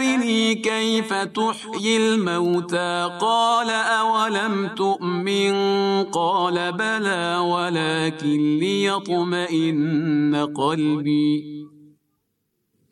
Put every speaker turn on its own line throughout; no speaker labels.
أرني كيف تحيي الموتى قال أولم تؤمن قال بلى ولكن ليطمئن قلبي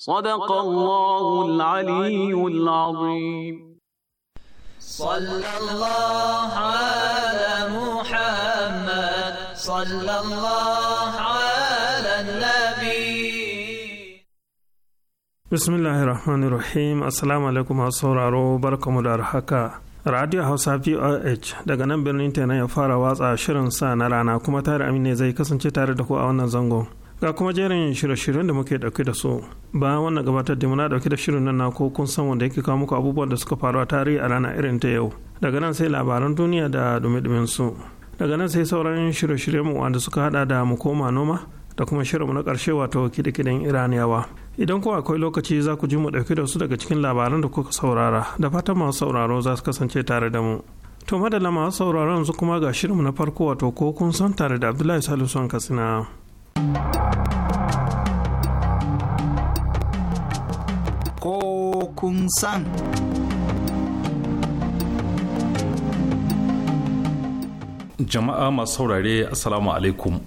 صدق الله العلي العظيم
صلى الله على محمد صلى الله على النبي
بسم الله الرحمن الرحيم السلام عليكم أصور بركم دار Radio Hausa VOH daga nan birnin Tena ya fara watsa shirin sa na rana kuma tare ne zai kasance tare da ku a wannan zangon. ga kuma jerin shirye-shiryen da muke dauke da su bayan wannan gabatar da muna dauke da shirin nan na ko kun san wanda yake kawo muku abubuwan da suka faru a tarihi a rana irin ta yau daga nan sai labaran duniya da dumi su daga nan sai sauran shirye-shiryen mu wanda suka hada da mu koma noma da kuma shirinmu na karshe wato kidikidin iraniyawa idan ko akwai lokaci za ku ji mu dauke da su daga cikin labaran da kuka saurara da fatan masu sauraro za su kasance tare da mu to madalla masu sauraron su kuma ga shirinmu na farko wato ko kun san tare da abdullahi salisu katsina
Ko kun san.
Jama'a masu saurare Assalamu alaikum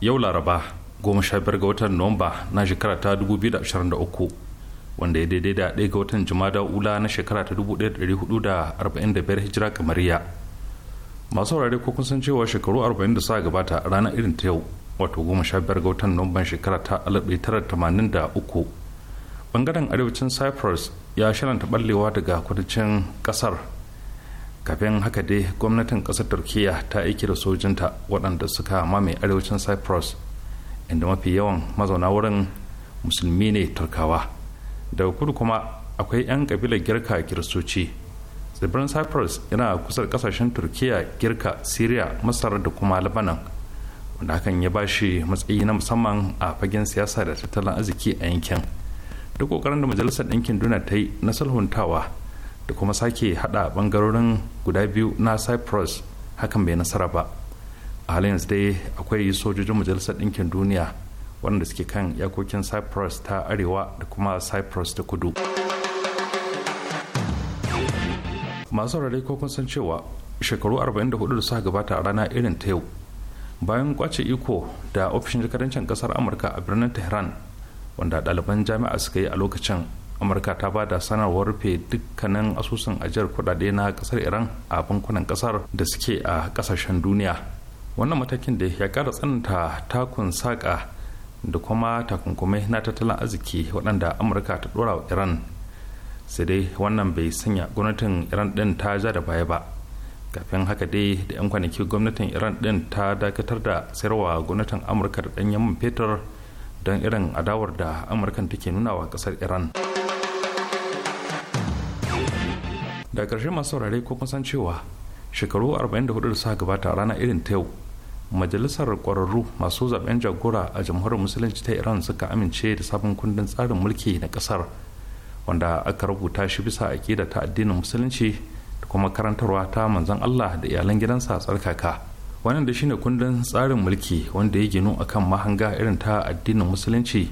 yau Laraba goma sha biyar ga watan Nuwamba na shekara ta 2023 wanda ya daidai da ɗaya ga watan Jumada Ula na shekara ta 1445 hijira kamariya. Masu saurare ko kun san cewa shekaru arba'in da suka gabata ranar irin ta yau wato goma sha biyar ga watan nomban shekara ta tara tamanin da uku bangaren arewacin cyprus ya shiranta ballewa daga kudancin kasar kafin haka dai gwamnatin kasar turkiya ta aiki da sojinta waɗanda suka mame arewacin cyprus inda mafi yawan mazauna wurin musulmi ne turkawa daga kudu kuma akwai 'yan kabilar girka kiristoci tsibirin cyprus yana kusa da kasashen turkiya girka syria masar da kuma lebanon wanda hakan ya ba shi matsayi na musamman a fagen siyasa da tattalin arziki a yankin duk kokarin da majalisar ɗinkin duniya ta yi na sulhuntawa da kuma sake haɗa bangarorin guda biyu na cyprus hakan bai nasara ba a halin yanzu dai akwai sojojin majalisar ɗinkin duniya waɗanda suke kan yakokin cyprus ta arewa da kuma cyprus ta kudu masu rarrai ko kun san cewa shekaru 44 da suka gabata a rana irin ta yau bayan kwace iko da ofishin jakadancin kasar amurka a birnin tehran wanda ɗaliban jami'a suka yi a lokacin amurka ta ba da sanarwar rufe dukkanin asusun ajiyar kudade na kasar iran a bankunan kasar da suke a kasashen duniya wannan matakin da ya ƙara tsananta takun saƙa da kuma takunkumai na tattalin arziki waɗanda amurka ta ɗora wa iran sai dai wannan bai sanya gwamnatin iran ɗin ta ja da baya ba kafin haka dai da 'yan kwanaki gwamnatin iran din ta dakatar da sayarwa gwamnatin amurka da ɗanyen man fetur don irin adawar da amurkan take nuna wa ƙasar iran da ƙarshe masu saurare ko kusan cewa shekaru 44 da suka gabata a rana irin ta yau majalisar kwararru masu zaben jagora a jamhuriyar musulunci ta iran suka amince da sabon kundin tsarin mulki na kasar wanda aka rubuta shi bisa aƙida ta addinin musulunci da kuma karantarwa ta manzan Allah da iyalan gidansa tsarkaka wannan da shine kundin tsarin mulki wanda ya ginu akan mahanga irin ta addinin musulunci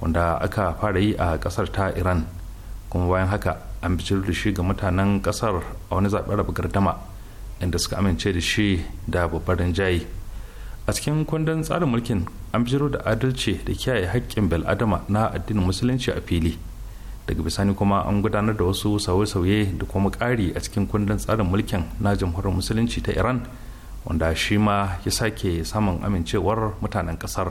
wanda aka fara yi a kasar ta Iran kuma bayan haka an bitar da shi ga mutanen kasar a wani zaɓen rabu gardama inda suka amince da shi da babbar rinjaye a cikin kundin tsarin mulkin an bijiro da adalci da kiyaye haƙƙin bil'adama na addinin musulunci a fili daga bisani kuma an gudanar da wasu sauye-sauye da kuma ƙari a cikin kundin tsarin mulkin na jamhuriyar musulunci ta iran wanda shi ma ya sake samun amincewar mutanen ƙasar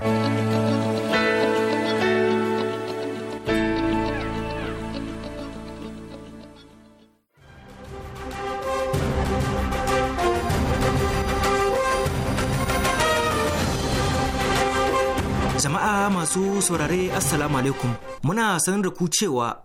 jama'a masu saurare assalamu alaikum muna sanar da ku cewa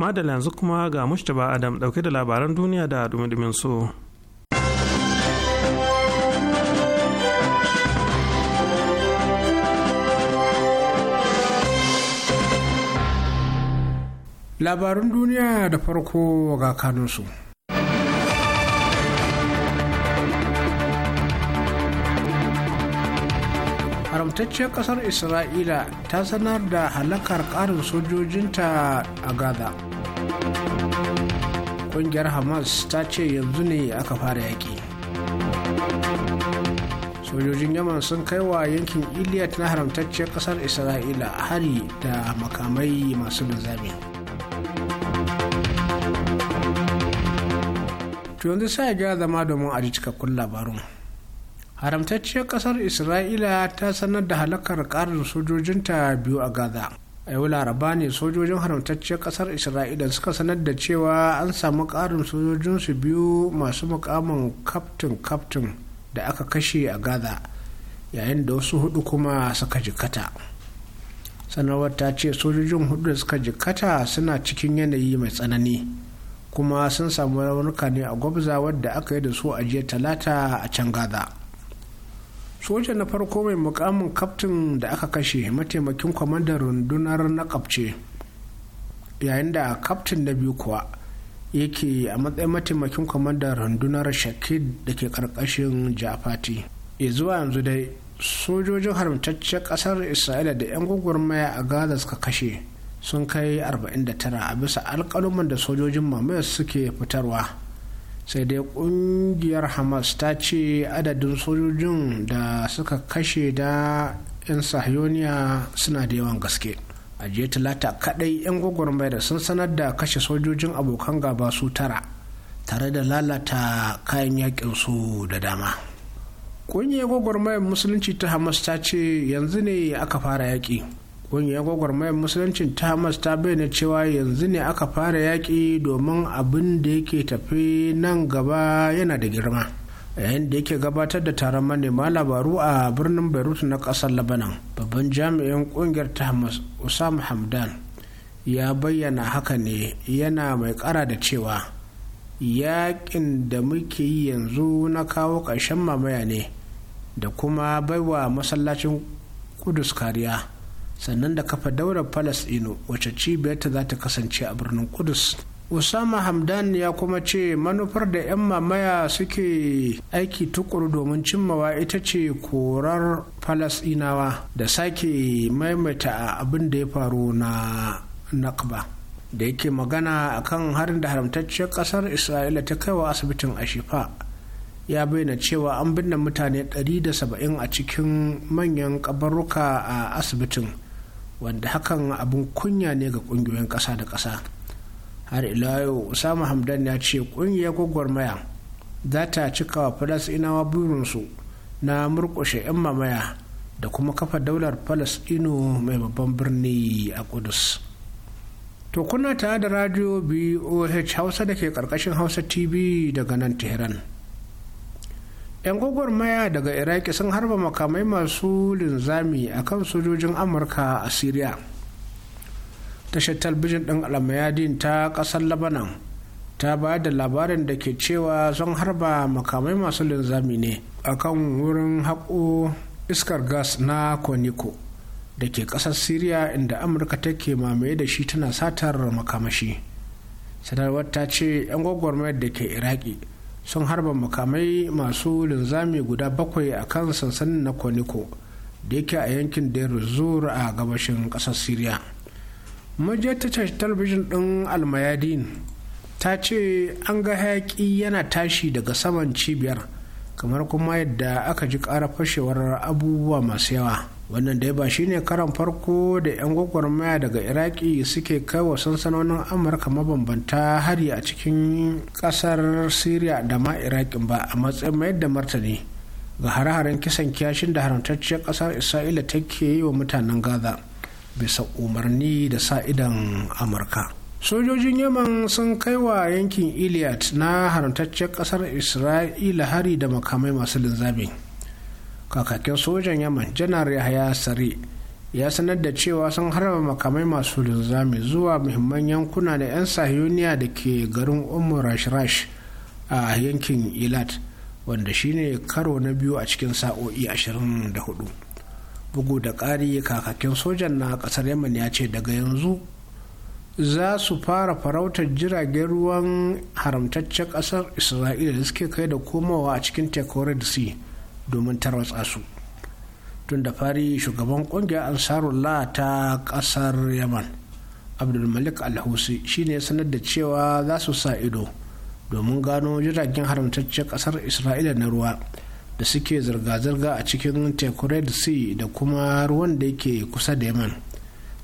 madala yanzu kuma ga mushtaba adam dauke da labaran duniya da dumi su.
labarun duniya da farko ga kanunsu haramtacciyar kasar isra'ila ta sanar da halakar karin sojojinta a gaza kungiyar hamas ta ce yanzu ne aka fara yaki. sojojin yaman sun kai wa yankin iliyat na haramtacciyar kasar isra'ila hari da makamai masu linzami to yanzu sai ya zama domin a cikakkun labarun haramtacciyar kasar isra'ila ta sanar da halakar karin sojojinta biyu a gaza a yau laraba ne sojojin haramtacciyar kasar isra'ila suka sanar da cewa an samu karin sojojinsu biyu masu mukamin kaftin kaftin da aka kashe a gaza yayin da wasu hudu kuma suka jikata sanarwar ta ce sojojin hudu da suka jikata suna cikin yanayi mai tsanani kuma sun samu raunuka ne a gwabza wadda aka yi da su a jiya talata a can gaza soja na farko mai mukamin kaftin da aka kashe mataimakin kwamandan rundunar na kapce yayin da kaftin na biyu kuwa yake a matsayin mataimakin kwamandan rundunar shakid da ke karkashin jafati ya zuwa yanzu dai sojojin haramtaccen kasar isra'ila da 'yan gwagwarmaya a gaza suka kashe sun kai 49 a bisa alkaluman da sojojin mamayar suke fitarwa sai dai kungiyar hamas ta ce adadin sojojin da suka kashe da 'yan sahiyoniya suna da yawan gaske a jiya talata kadai 'yan gwagwarmayar sun sanar da kashe sojojin abokan gaba su tara tare da lalata kayan yakin su da dama kungiyar gwagwarmayar musulunci ta hamas ta ce yanzu ne aka fara yaƙi ƙungiyar gwagwarmayar musuluncin ta hamas ta bayyana cewa yanzu ne aka fara yaƙi domin abin da yake tafi nan gaba yana da girma yayin da yake gabatar da taron manema labaru a birnin beirut na ƙasar labanan babban jami'in ƙungiyar ta hamas usam hamdan ya bayyana haka ne yana mai ƙara da cewa yaƙin da muke yi yanzu na kawo ƙarshen mamaya ne da kuma baiwa masallacin kudus kariya sannan da kafa daular palestino wacce cibiyarta za ta kasance a birnin kudus usama hamdan ya kuma ce manufar da 'yan mamaya suke aiki tukuru domin cimmawa ita ce korar falasinawa da sake maimaita abin da ya faru na nakba da yake magana akan harin da haramtacciyar kasar isra'ila ta kaiwa asibitin ashifa ya bayyana cewa an binne mutane 170 a cikin manyan kabaruka a asibitin wanda hakan abin kunya ne ga kungiyoyin ƙasa da ƙasa har ila usama hamdan ya ce kungiyar gwagwarmaya za ta cika wa falasinawa burinsu na murkushe 'yan mamaya da kuma kafa daular falasɗinu mai babban birni a kudus to kuna tare da radio boh hausa da ke ƙarƙashin hausa tv daga nan tehran 'yan gwagwarmaya daga iraki sun harba makamai masu linzami a kan sojojin amurka a syria tashar talbijin ɗin alamayadin ta ƙasar labanan ta ba da labarin da ke cewa sun harba makamai masu linzami ne a kan wurin haƙo iskar gas na koniko da ke ƙasar syria inda amurka take mamaye da shi tana satar makamashi sanarwar ta ce 'yan gwagwarmayar da ke iraki sun harba makamai masu linzami guda bakwai a kan sansanin na koniko da yake a yankin deir zur a gabashin ƙasar syria majiyar talabijin din almayadin ta ce an ga hayaƙi yana tashi daga saman cibiyar kamar kuma yadda aka ji ƙara fashewar abubuwa masu yawa wannan dai ba shine karan farko da 'yan gwagwarmaya daga iraki suke kai wa sansanonin amurka mabambanta hari a cikin kasar syria da ma irakin ba a matsayin mayar da martani ga hare-haren kisan kiyashin da haramtacciyar kasar isra'ila take yi wa mutanen gaza bisa umarni da sa'idan amurka sojojin yaman sun kai wa yankin iliad na haramtacciyar kasar isra'ila hari da makamai masu linzamin. kakakin sojan yaman janar yahaya sare ya sanar da cewa sun harba makamai masu linzami zuwa muhimman yankuna na 'yan sahiyoniya da ke garin umu rash a yankin ilat wanda shine karo na biyu a cikin sa'o'i 24 bugu da ƙari kakakin sojan na ƙasar yaman ya ce daga yanzu za su fara farautar jiragen ruwan haramtaccen ƙasar isra'ila da suke kai da komawa a cikin tekore sea domin tarwatsa su tun da fari shugaban kungiyar ansarullah ta kasar yaman abdulmalik alhusi shine ya sanar da cewa za su sa ido domin gano jiragen haramtaccen kasar isra'ila na ruwa da suke zirga-zirga a cikin teku red sea da kuma ruwan da yake kusa da yaman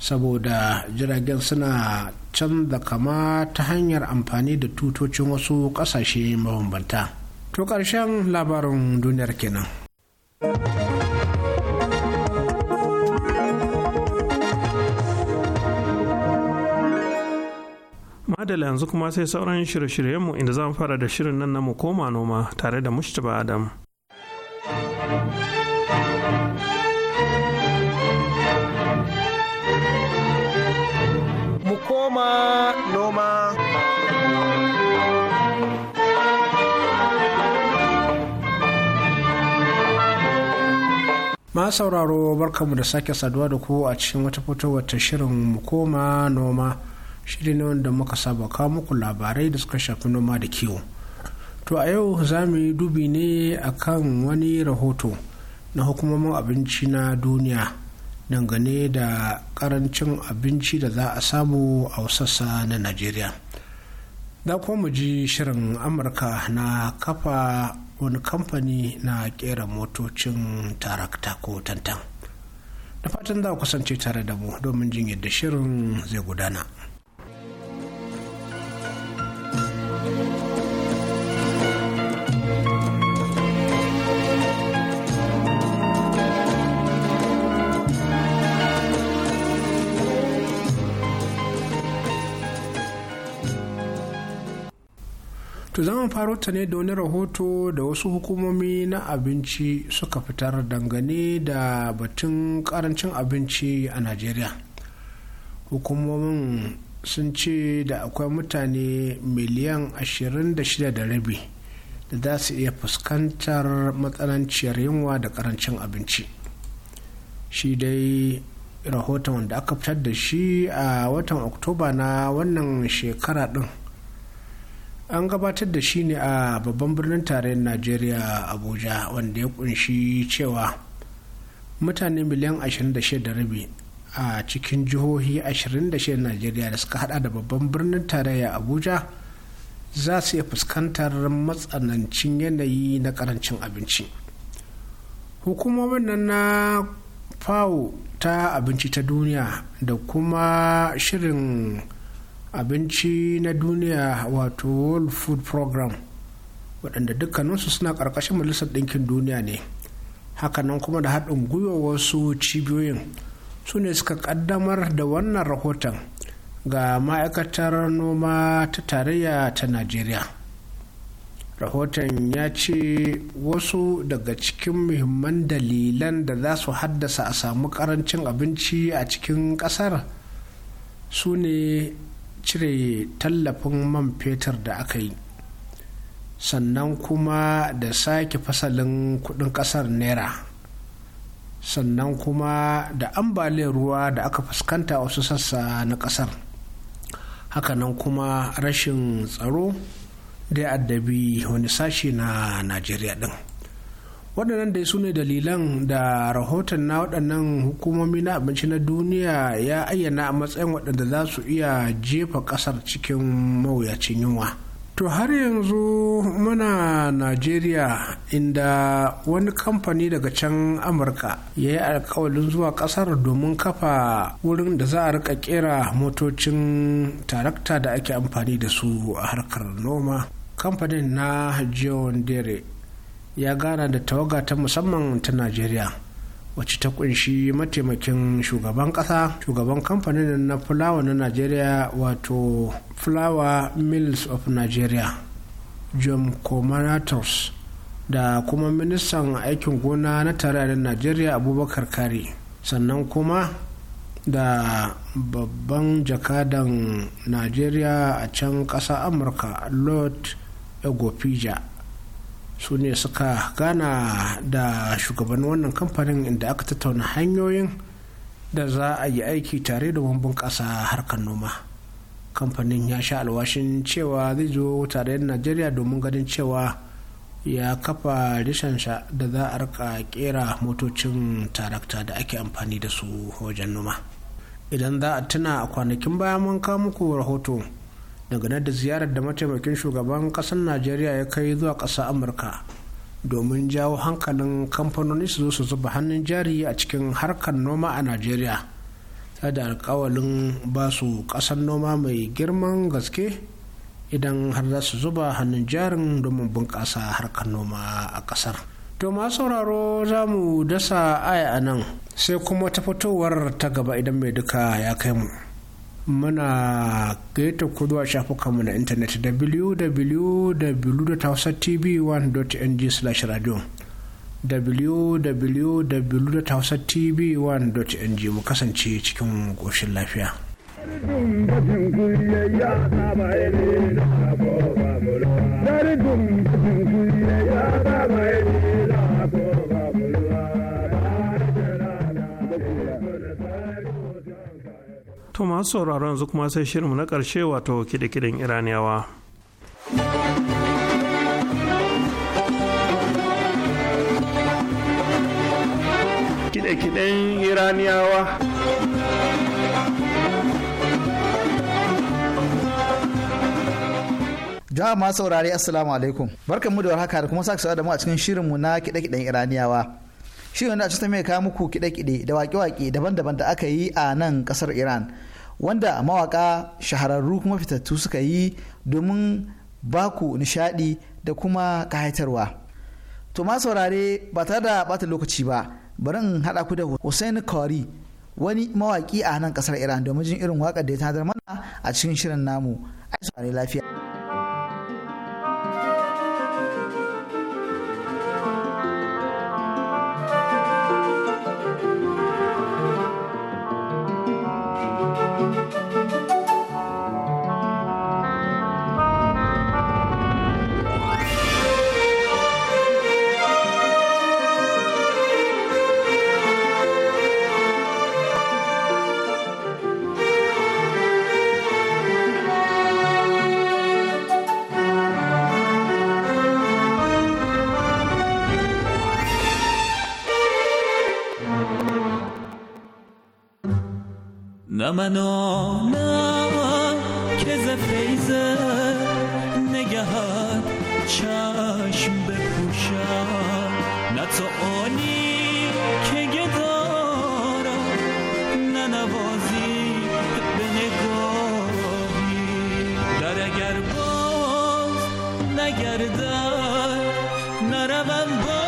saboda jiragen suna can da kama ta hanyar amfani da tutocin wasu kasashe mabambanta. to ƙarshen labarin duniyar
kenan. madala yanzu kuma sai sauran shirye-shiryenmu inda zan fara da shirin nan na mu koma noma tare da mushtaba adam
ma sauraro barkamu da sake saduwa da ku a cikin wata fitowar wata shirin mu koma noma shiri ne wanda muka saba kawo muku labarai da suka shafi noma da kiwo to a yau za mu yi dubi ne akan wani rahoto na hukumomin abinci na duniya dangane da karancin abinci da za a samu a sassa na najeriya za kuma mu ji shirin amurka na kafa wani kamfani na kera motocin tarakta ko tantan da fatan za ku kusance tare da mu domin jin yadda shirin zai gudana. To za mu faro ta ne da wani rahoto da wasu hukumomi na abinci suka fitar dangane da batun karancin abinci a Najeriya. Hukumomin sun ce da akwai mutane miliyan 26.5 da rabi da za su iya fuskantar matsananciyar yunwa da karancin abinci. Shi dai rahoton da aka fitar da shi a watan Oktoba na wannan shekara din. an gabatar da shi ne a babban birnin tarayyar najeriya abuja wanda ya kunshi cewa mutane miliyan 26.5 a cikin jihohi 26 najeriya da suka hada da babban birnin tarayya abuja za su iya fuskantar matsanancin yanayi na karancin abinci hukumomin nan na fawo ta abinci ta duniya da kuma shirin abinci na duniya wato world food program waɗanda dukkaninsu suna ƙarƙashin majalisar ɗinkin duniya ne hakanan kuma da haɗin gwiwa wasu cibiyoyin su ne suka ƙaddamar da wannan rahoton ga ma'aikatar noma ta tarayya ta najeriya rahoton ya ce wasu daga cikin muhimman dalilan da za su haddasa a samu karancin abinci a cikin ƙasar su ne cire tallafin man fetur da aka yi sannan kuma da sake fasalin kudin kasar naira sannan kuma da ambaliyar ruwa da aka fuskanta wasu sassa na kasar hakanan kuma rashin tsaro da addabi wani sashi na najeriya din waɗannan da su ne dalilan da rahoton na waɗannan hukumomi na abinci na duniya ya ayyana a matsayin waɗanda za su iya jefa ƙasar cikin mawuyacin yunwa to har yanzu muna najeriya inda wani kamfani daga can amurka ya yi alkawalin zuwa kasar domin kafa wurin da za a rika kera motocin tarakta da ake amfani da su a harkar noma kamfanin na john ya gana da tawaga ta musamman ta najeriya wacce ta kunshi mataimakin shugaban kasa shugaban kamfanin na fulawa na najeriya wato Flower mills of nigeria john comanatos da kuma ministan aikin gona na tarayyar najeriya abubakar kari sannan kuma da babban jakadan najeriya a can kasa amurka lord egopija su ne suka gana da shugaban wannan kamfanin inda aka tattauna hanyoyin da za a yi aiki tare da bunƙasa harkar noma kamfanin ya sha alwashin cewa zai zo tare da najeriya domin ganin cewa ya kafa rishansa da za a rika kera motocin tarakta da ake amfani da su wajen noma idan za a tuna a kwanakin bayan mun kawo muku rahoto dangane da ziyarar da mataimakin shugaban ƙasar najeriya ya kai zuwa ƙasa amurka domin jawo hankalin kamfanoni su zo su zuba hannun jari a cikin harkar noma a najeriya ta da alkawalin ba su ƙasar noma mai girman gaske idan har za su zuba hannun jarin domin bunƙasa harkar noma a ƙasar to ma sauraro za mu dasa aya a nan sai kuma ta fitowar ta gaba idan mai duka ya kai mu. muna gaita ku zuwa shafukanmu na intanet www.hausatv1.ng/radio www.hausatv1.ng mu kasance cikin ƙoshin lafiya.
Dari dum ya
To masu sauraro yanzu kuma sai shirinmu na ƙarshe wato kiɗe-kiɗen Iraniyawa. Kiɗe-kiɗen Iraniyawa.
Jama'a masu saurari Assalamu alaikum. Barkanmu da warhaka da kuma sake da mu a cikin shirinmu na kiɗe-kiɗen Iraniyawa. shi wanda a cikin mai kawo muku kiɗe-kiɗe da waƙe-waƙe daban-daban da aka yi a nan ƙasar iran wanda mawaƙa shahararru kuma fitattu suka yi domin baku nishaɗi da kuma ƙayatarwa to ma saurare ba tare da ɓata lokaci ba bari in haɗa ku da hussein kawari wani mawaƙi a nan ƙasar iran domin jin irin waƙar da ya tanadar mana a cikin shirin namu a lafiya.
گردن نروم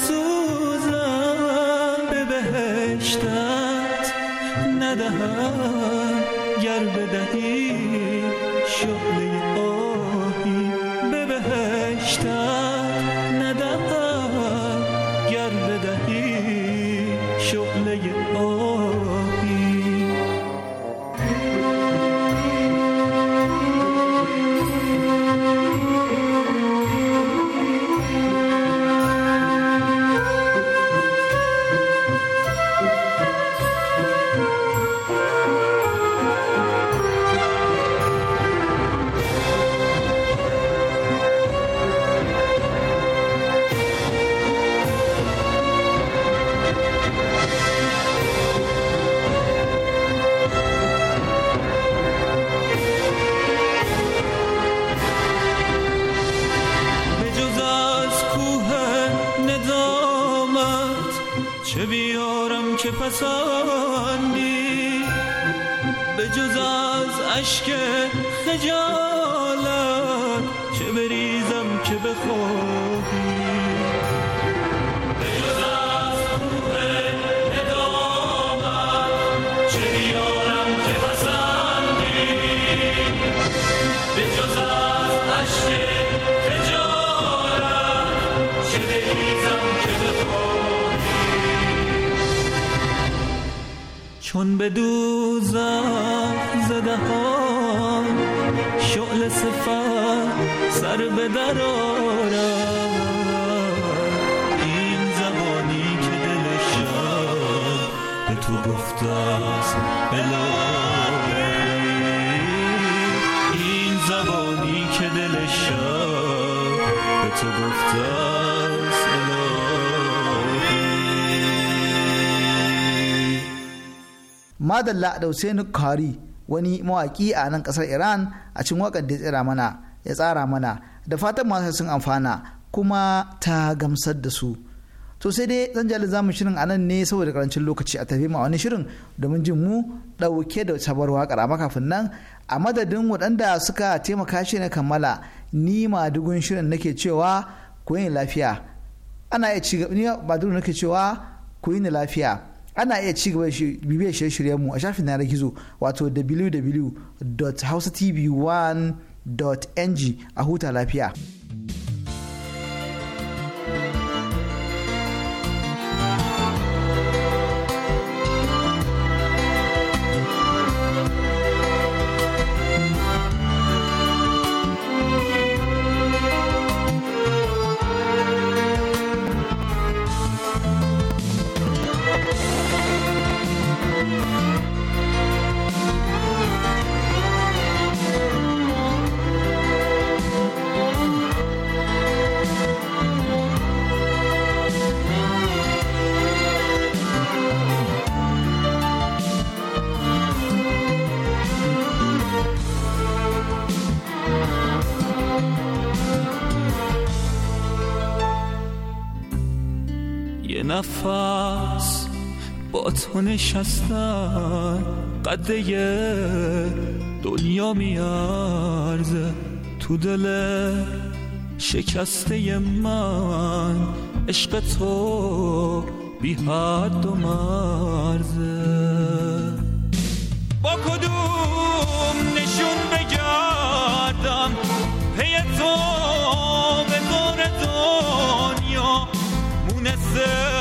سوزم به بهشتت ندهم گر بدهی شغل آهی به رساندی به جز از اشک خجالت چه بریزم که بخور چون به دوزخ زده ها شعل صفت سر به در این زبانی که دلش به تو گفته است این زبانی که دلش
به تو گفته madalla da Hussein Kari wani mawaki a nan kasar Iran a cikin wakar da tsira mana ya tsara mana da fatan masu sun amfana kuma ta gamsar da su to sai dai zan jali zamu shirin a nan ne saboda karancin lokaci a tafi ma wani shirin domin jin mu dauke da sabar wakar amma kafin nan a madadin waɗanda suka taimaka shi na kammala ni ma dugun shirin nake cewa ku yi lafiya ana iya ci gaba nake cewa ku yi lafiya ana iya ci gaba bibiyar shirye-shiryen mu a shafin na gizo wato www.hausatv1.ng a huta lafiya.
نفس با تو نشستن قده دنیا میارزه تو دل شکسته من عشق تو بی حد و مرزه با کدوم نشون بگردم پی تو به دور دنیا مونسته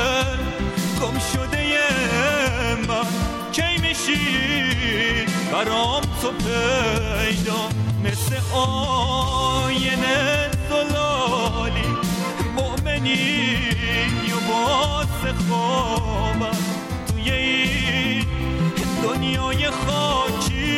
برام تو پیدا مثل آینه زلالی مؤمنی و باز خوابم توی این دنیای خاکی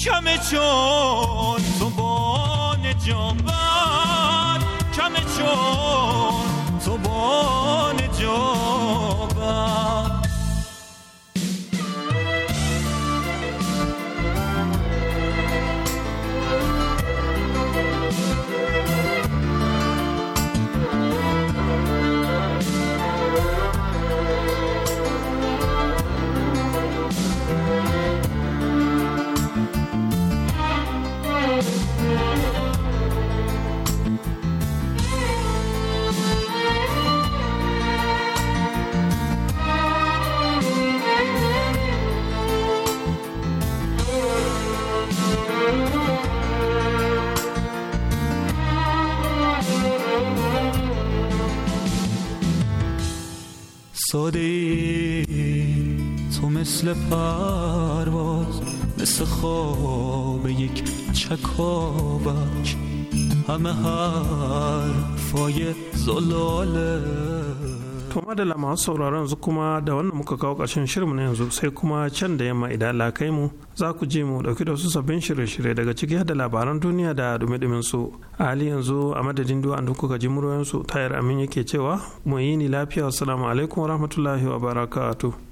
کمه چون تو بان جانبر کمه چون تو بان جانبر افتاده تو مثل پرواز مثل خواب یک چکابک
همه حرفای زلاله To da masu sauraron su kuma da wannan muka kawo ƙarshen shirinmu na yanzu sai kuma can da yamma idan Allah kai mu za ku je mu ɗauki da wasu sabbin shirye-shirye daga ciki da labaran duniya da dumi-dumin su. A hali yanzu a madadin duwa an kuka ji muryoyin su tayar amin yake cewa mu yi ni lafiya assalamu alaikum wa rahmatullahi wa barakatuh.